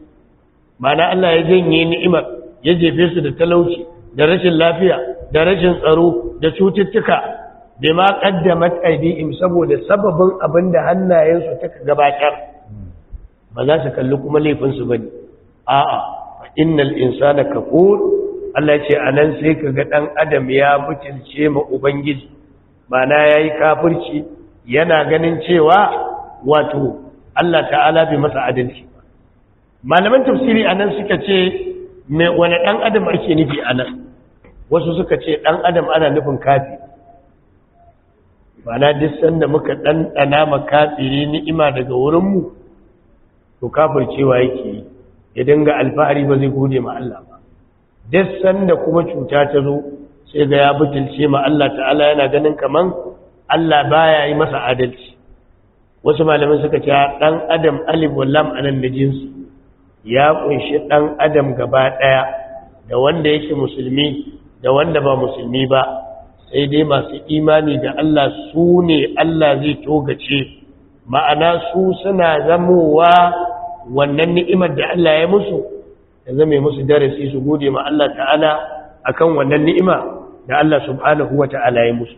mana Allah ya janye ni'imar ya jefe su da talauci da rashin lafiya da rashin tsaro da cututtuka da da matsayi aydihim saboda sababin abin da hannayensu ta gabatar ba za su kalli kuma laifinsu ba ne. a'a innal insana kafur Allah ce anan sai kaga dan adam ya mutunce ma ubangiji mana yayi kafirci yana ganin cewa wato Allah ta'ala bai masa adalci malaman tafsiri anan suka ce me wani dan adam ake nufi anan wasu suka ce dan adam ana nufin kafi mana duk sanda muka dan dana ma kafiri ni'ima daga wurin mu to kafircewa yake yi ya dinga alfahari ba zai gode ma Allah ba duk sanda kuma cuta ta zo sai ga ya butulce ma Allah ta'ala yana ganin kaman Allah baya yi masa adalci wasu malamin suka ce dan adam alif wallam anan da jinsi ya kunshi dan adam gaba daya da wanda yake musulmi da wanda ba musulmi ba sai dai masu imani da Allah su ne Allah zai togace ma'ana su suna zamowa wannan ni'imar da Allah ya musu ya zama musu darasi su gode ma Allah ta'ala akan wannan ni'ima da Allah subhanahu wa ta'ala ya musu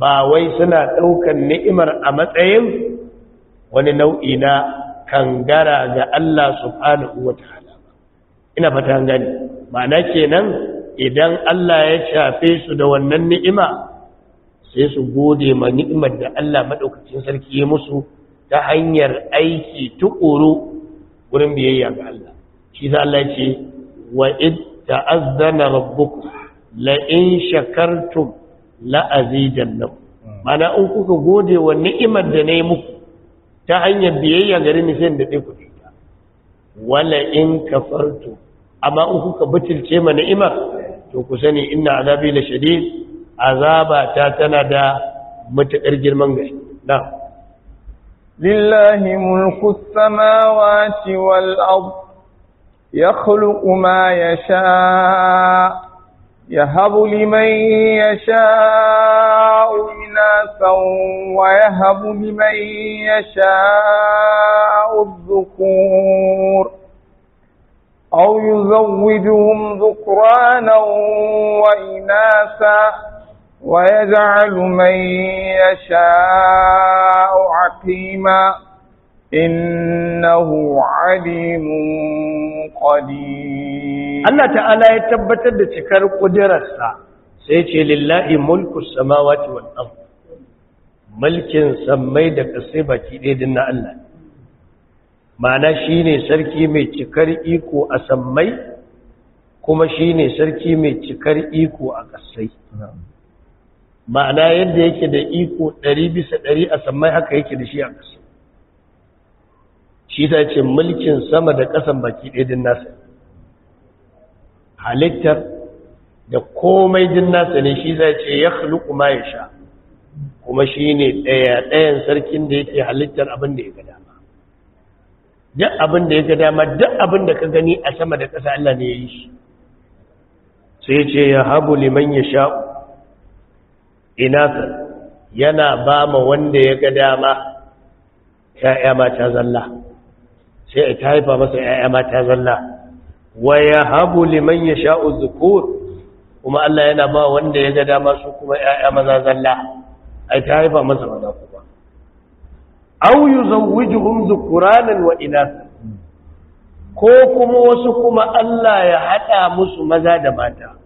ba wai suna ɗaukan ni'imar a matsayin wani nau'i na kangara ga Allah subhanahu wa ta'ala ina fata gani ma'ana kenan idan Allah ya shafe su da wannan ni'ima sai su gode ma ni'imar da Allah maɗaukacin sarki ya musu ta hanyar aiki tukuru wurin biyayya ga Allah shi za Allah ce wa id ta'azzana rabbukum la in shakartum la azidannakum mana in kuka gode wa ni'imar da nayi muku ta hanyar biyayya gare ni sai da ku ta wala in kafartum amma in kuka butulce ma ni'imar to ku sani inna azabi la shadid azaba ta tana da matakar girman gaske na'am لله ملك السماوات والأرض يخلق ما يشاء يهب لمن يشاء إناثا ويهب لمن يشاء الذكور أو يزوجهم ذكرانا وإناثا ويجعل من يشاء عقيما إنه عليم قدير الله تعالى يتبتد تكر قدر الساعة سيتي لله ملك السماوات والأرض mulkin sammai da ƙasai baki ɗaya din na Allah ma'ana shi ne sarki mai cikar iko a sammai kuma shine sarki mai cikar iko a ƙasai ma'ana yadda yake da iko ɗari bisa ɗari a sammai haka yake da shi a ƙasa shi ta ce mulkin sama da ƙasan baki ɗaya din nasa halittar da komai din nasa ne shi ta ce ya haluku ma ya sha kuma shi ne ɗaya ɗayan sarkin da yake halittar abin da ya ga dama duk abin da ya ga dama duk abin da ka gani a sama da ƙasa Allah ne ya yi shi sai ce ya habu liman ya sha'u inaka yana ba ma wanda ya ga dama ‘ya'ya mata zalla sai ta haifa masa ‘ya'ya mata zalla wa ya habu liman ya sha'u zukur kuma Allah yana ba wanda ya ga dama su kuma ‘ya'ya maza zalla ai ta haifa masa maza kuma au yi zauwijihun zukuranin wa inasa ko kuma wasu kuma Allah ya haɗa musu maza da mata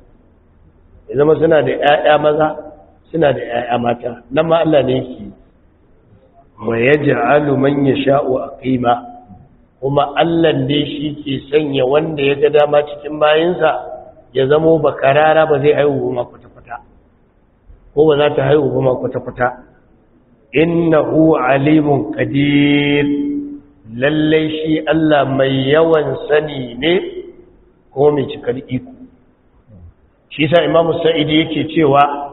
ya suna da ‘ya'ya maza suna da ‘ya'ya mata na ma ne yake wa ya man ya sha'u a ƙima kuma Allah ne shi ke sanya wanda ya ga dama cikin bayansa ya zamo ba karara ba zai haihu ma kwata-kwata ko ba za ta haihu ma kwata-kwata innahu alimun kadir, lallai shi Allah mai yawan sani ne ko mai cikar iko shi sa imamu sa'idi yake cewa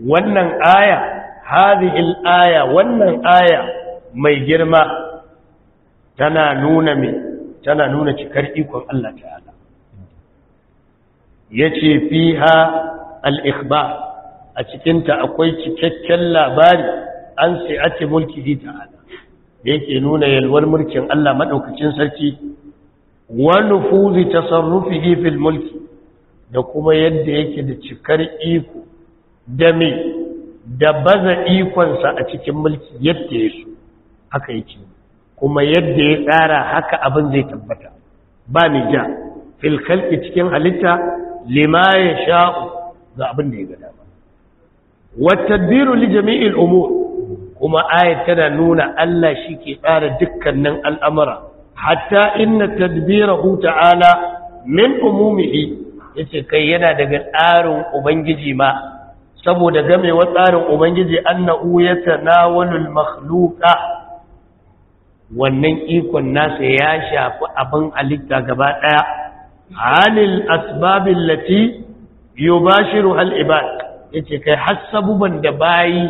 wannan aya hadhihi aya wannan aya mai girma tana nuna me tana nuna cikar ikon Allah ta'ala yace fiha al-ikhbar a cikin ta akwai cikakken labari an sai ake mulki ta'ala yake nuna yalwar mulkin Allah madaukakin sarki wa nufuzi tasarrufihi fil mulki da kuma yadda yake da cikar iko da me da baza ikonsa a cikin mulki yadda ya so haka yake kuma yadda ya tsara haka abin zai tabbata ba ni ja fil cikin halitta limaye sha'u ga abin da ya gada ba. wa tadbiru li jami'il umur kuma ayat tana nuna Allah shi ke tsara dukkanin al'amura hatta inna tadbirahu ta'ala min umumihi yace kai yana daga tsarin ubangiji ma saboda wa tsarin ubangiji annahu yatanawalul makhluqa wannan ikon nasa ya shafi abin halitta gaba daya halil asbabil lati yubashiru al ibad yace kai hasabuban da bayi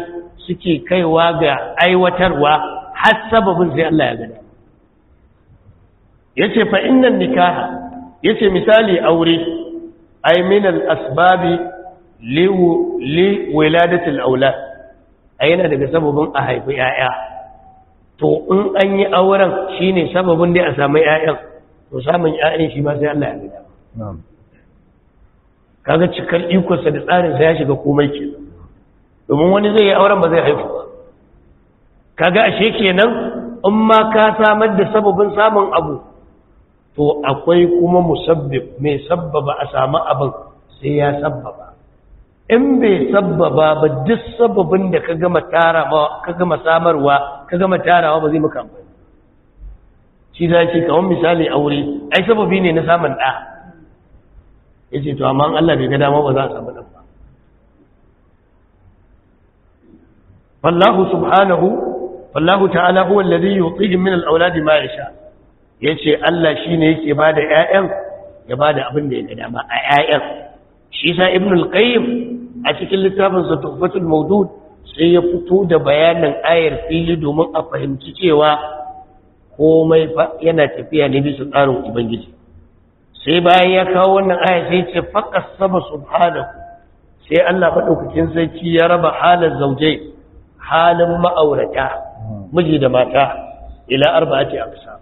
suke kaiwa ga aiwatarwa hasababin sai Allah ya gani. yace fa innan nikaha yace misali aure ay min al asbabi li aula a yana daga sababin a haifi 'ya'ya to in an yi auren shine sababin da a samu 'ya'yan to samun 'ya'yan shi ba sai Allah ya gida kaga cikar ikonsa da tsarinsa ya shiga komai ke domin wani zai yi auren ba zai haifu ba kaga ashe kenan in ma ka samar da sababin samun abu to akwai kuma musabbib mai sabbaba a samu abin sai ya sabbaba in bai sababa ba duk sababin da ka gama tarawa ka gama samarwa ka gama tarawa ba zai maka amfani shi za ce kawon misali aure ai sababi ne na samun ɗa ya ce to amma Allah bai ga dama ba za a samu ɗan ba wallahu subhanahu wallahu ta'ala huwa alladhi yutihi min al-awladi ma yasha yace Allah shine yake bada ƴaƴan ya bada abin da ya ga dama a ƴaƴan shi sa ibn al-qayyim a cikin littafin sa tuhfatul mawdud sai ya fito da bayanin ayar fili domin a fahimci cewa komai fa yana tafiya ne bisa tsarin ubangiji sai bayan ya kawo wannan aya sai ya ce faqas sama subhanahu sai Allah madaukakin sarki ya raba halin zaujai halin ma'aurata miji da mata ila arba'ati aqsam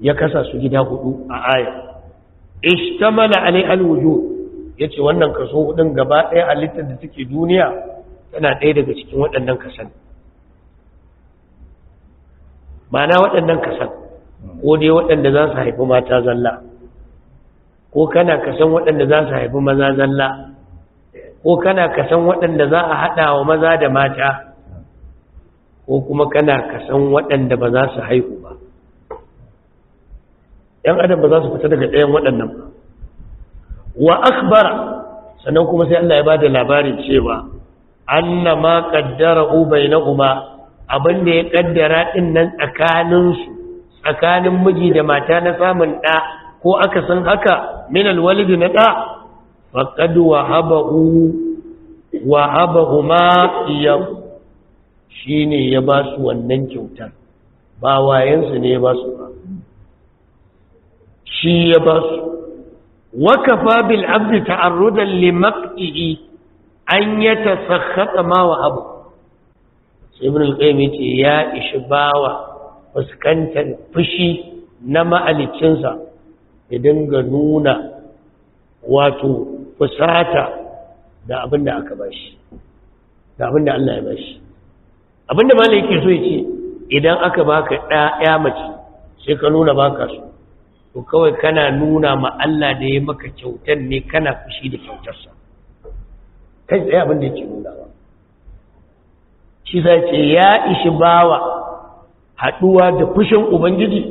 ya kasa su gida hudu a aya ishtamala alai alwujud ya ce wannan kaso hudun gaba ɗaya a littar da suke duniya tana ɗaya daga cikin waɗannan kasan mana waɗannan kasan ko dai waɗanda za su haifi mata zalla ko kana kasan waɗanda za su haifi maza zalla ko kana kasan waɗanda za a haɗa wa maza da mata ko kuma kana kasan waɗanda ba za su haihu ba ‘yan adam ba za su fita daga ɗayan waɗannan ba wa akbar sannan kuma sai Allah ya bada labarin cewa Annama, ma qaddara bainahuma abin da ya kaddara din nan tsakanin su tsakanin miji da mata na samun da ko aka san haka min alwalid na da faqad wahabahu wahabahuma ya shine ya ba su wannan kyautar ba wayensu ne ya ba su shi ya ba su wakafa bil abdi ta'arrudan li maqti'i an yatasakhata ma wa abu ibn al-qayyim yace ya ishi bawa fuskantar fushi na ma'alicinsa ya dinga nuna wato fusata da abinda aka bashi da Allah ya bashi abinda malai yake so yace idan aka baka ɗaya mace sai ka nuna baka so to kawai kana nuna ma Allah da ya maka kyautar ne kana fushi da kyautarsa kai tsaye abin da yake nuna ba shi sai ce ya ishi bawa haɗuwa da fushin ubangiji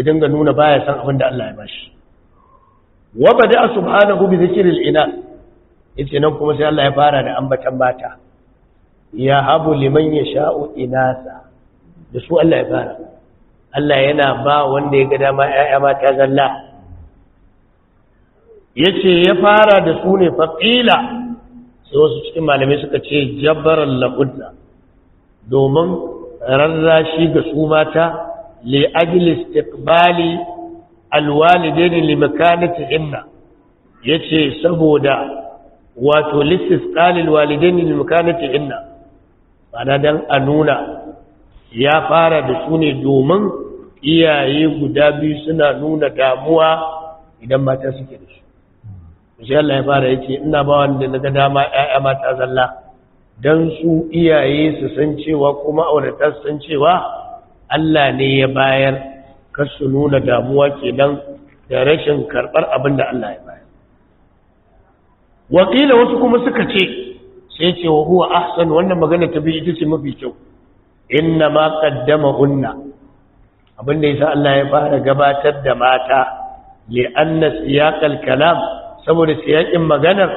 idan ga nuna baya san abin da Allah ya bashi wa bada subhanahu bi dhikril ina yace nan kuma sai Allah ya fara da ambatan mata ya habu liman yasha'u inasa da su Allah ya fara Allah yana ba wanda ya ga dama ‘ya'ya mata zalla ya ce ya fara da su ne faƙila sai wasu cikin malamai suka ce jabarar la'udda domin shi ga su mata li'ajilis tekbali alwalidai ne makanati inna ya ce saboda wato listis ƙalil walidai ne makanati inna ba don a nuna ya fara da su ne domin iyaye guda biyu suna nuna damuwa idan mata suke da shi sai Allah ya fara yake? ina ba wanda ga dama 'ya'ya, mata zalla don su iyaye su san cewa kuma aurata su san cewa Allah ne ya bayar kar su nuna damuwa kenan da rashin karɓar abin da Allah ya bayar wakila wasu kuma suka ce sai ce wa huwa ahsan wannan magana ta bi ita ce mafi kyau inna ma qaddama hunna abinda yasa Allah ya fara gabatar da mata li anna siyaqal kalam saboda siyaqin maganar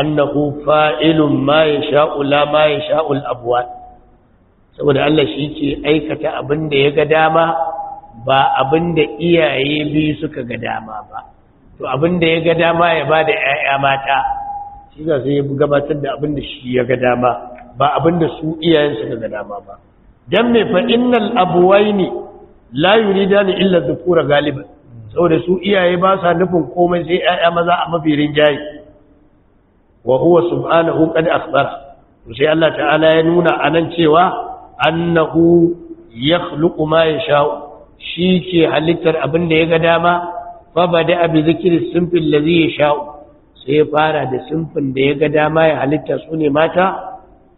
annahu fa'ilun ma yasha'u la ma yasha'u al-abwat saboda Allah shi ke aikata abinda ya ga dama ba abinda iyaye bi suka ga dama ba to abinda ya ga dama ya bada ƴaƴa mata shi ga sai ya gabatar da abinda shi ya ga dama ba abinda su iyayen suka ga dama ba dan me fa innal abwaini la yuridani illa dhukura galiban saboda su iyaye ba sa nufin komai sai yaya maza a mafirin jayi wa huwa subhanahu qad akhbara sai Allah ta'ala ya nuna anan cewa annahu yakhluqu ma yasha shi ke halittar abinda da ya ga dama fa bada abi zikri simfin ladhi yasha sai fara da simfin da ya ga dama ya halitta su ne mata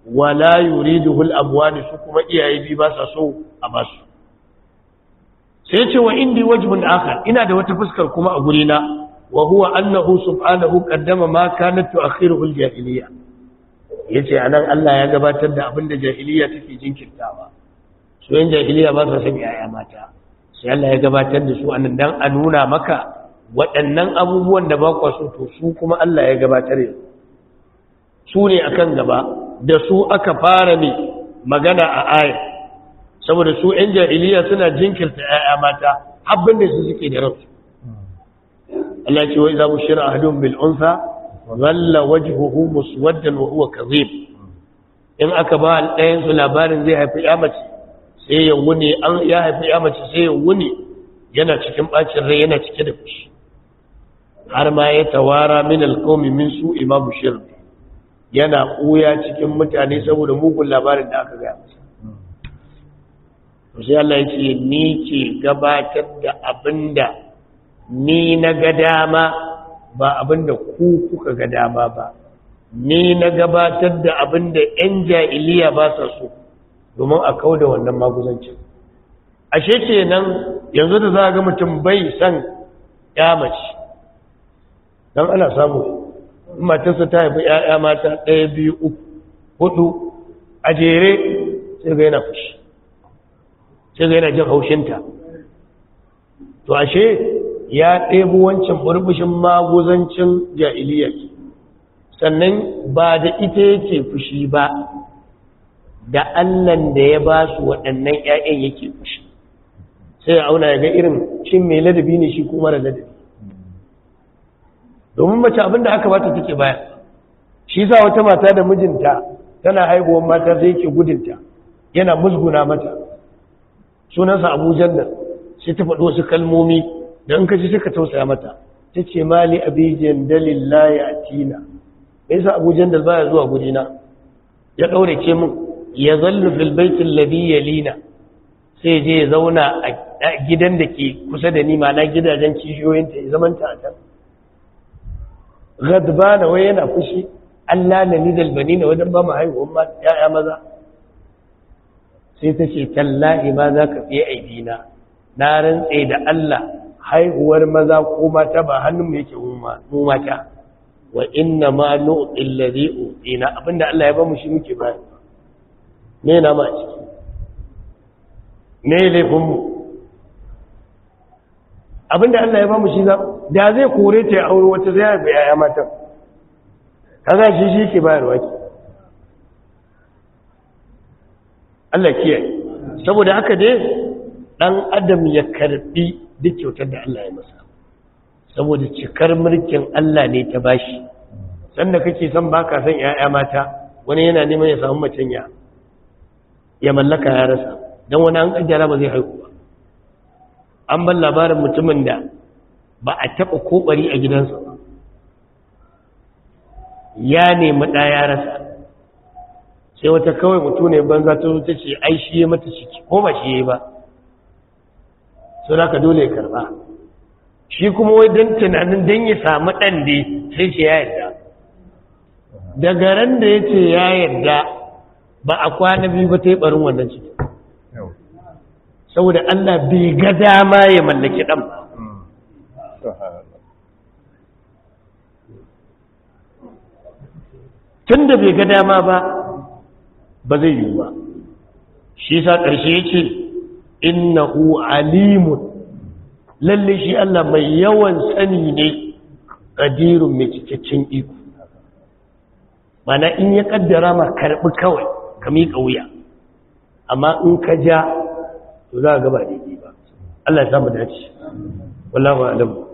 wala yuriduhu al-abwan su kuma iyaye bi ba sa so a basu sai ce wa indi wajibun akhar ina da wata fuskar kuma a guri na wa huwa annahu subhanahu qaddama ma kanat tu'akhiruhu al-jahiliya yace anan Allah ya gabatar da abinda jahiliya take jinkirtawa su yan jahiliya ba sa san yaya mata sai Allah ya gabatar da su anan dan a nuna maka waɗannan abubuwan da ba kwa so to su kuma Allah ya gabatar su ne akan gaba da su aka fara ne magana a aya saboda su ‘yan jahiliya suna jinkirta ‘ya'ya mata abin da su suke da ransu Allah ce wai za shirin shira a hadin bil'unsa zalla wajhuhu muswaddan wa huwa kazib in aka ba ɗayan su labarin zai haifi yamaci mace sai ya wuni an ya haifi yamaci mace sai ya wuni yana cikin bacin rai yana cike da kushi. har ma ya tawara min alqawmi min su imam shirbi yana ɓuya cikin mutane saboda mugun labarin da aka gaya masa sai Allah ya ce ni ke gabatar da abinda ni na ga dama ba abinda ku kuka ga dama ba ni na gabatar da abinda 'yan jahiliya ba sa so domin a kauda wannan maguzancin ashe kenan yanzu da za ga mutum bai san ya mace don ana samu matarsa ta haifi ‘ya'ya mata ɗaya biyu uku hudu a jere sai ga yana fushi sai ga yana jin haushinta to ashe ya ɗebi wancan burbushin maguzancin jahiliyar sannan ba da ita yake fushi ba da allan da ya ba su waɗannan ‘ya'yan yake fushi sai ya auna ya ga irin cin mai ladabi ne shi kuma da ladabi domin mace abinda aka bata take baya shi yasa wata mata da mijinta tana haihuwar mata sai yake gudunta yana musguna mata sunansa abu janna sai ta faɗi wasu kalmomi da in kaji suka tausaya mata ta ce mali abi Dalil, laye a tina sa abu baya zuwa gudina ya ɗaure ce min ya zallu filbaitin labi ya lina sai je ya zauna a gidan da ke kusa da ni ma na gidajen kishiyoyinta ya zamanta a can gadbana wai yana fushi ni dalbani na wajen ba mu haihu ma ya'ya maza sai ta ce tallahi ma za ka fiye aidina na rantse da Allah haihuwar maza ko mata ba hannun yake mu mata wa inna ma nu'il ladhi utina abinda Allah ya ba mu shi muke ba Ne na ma ciki Ne laifin mu abinda Allah ya ba mu shi za mu da zai kore ta aure wata zai haifi yaya matan kaga shi shi ke bayarwa ke. Allah kiyaye saboda haka dai ɗan adam ya karbi duk kyautar da Allah ya masa saboda cikar mulkin Allah ne ta bashi sanda kake son baka son yaya mata wani yana neman ya samu macen ya ya mallaka ya rasa dan wani an kaddara ba zai haihu ba an ban labarin mutumin da ba a taɓa koɓari a gidansa ya nemi ya rasa sai wata kawai mutu ne banza ta zuta ce ai shi ya mata ciki ko ba shi ya ba sau da ka dole ya karɓa shi kuma wai don tunanin don ya samu ɗan da sai ce ya yarda daga ran da ya ce ya yarda ba a kwana biyu ba ta yi ɓarin wannan ciki saboda allah bai ga dama ya mallaki ɗan ba subhanallah tun bai ga dama ba ba zai yi ba shi sa ƙarshe ya ce innahu alimun lalle shi Allah mai yawan sani ne ƙadirun mai cikakken iko mana in ya ƙaddara ma karɓi kawai ka miƙa wuya amma in ka ja to za a gaba yi ba Allah ya samu dace wallahu a'lamu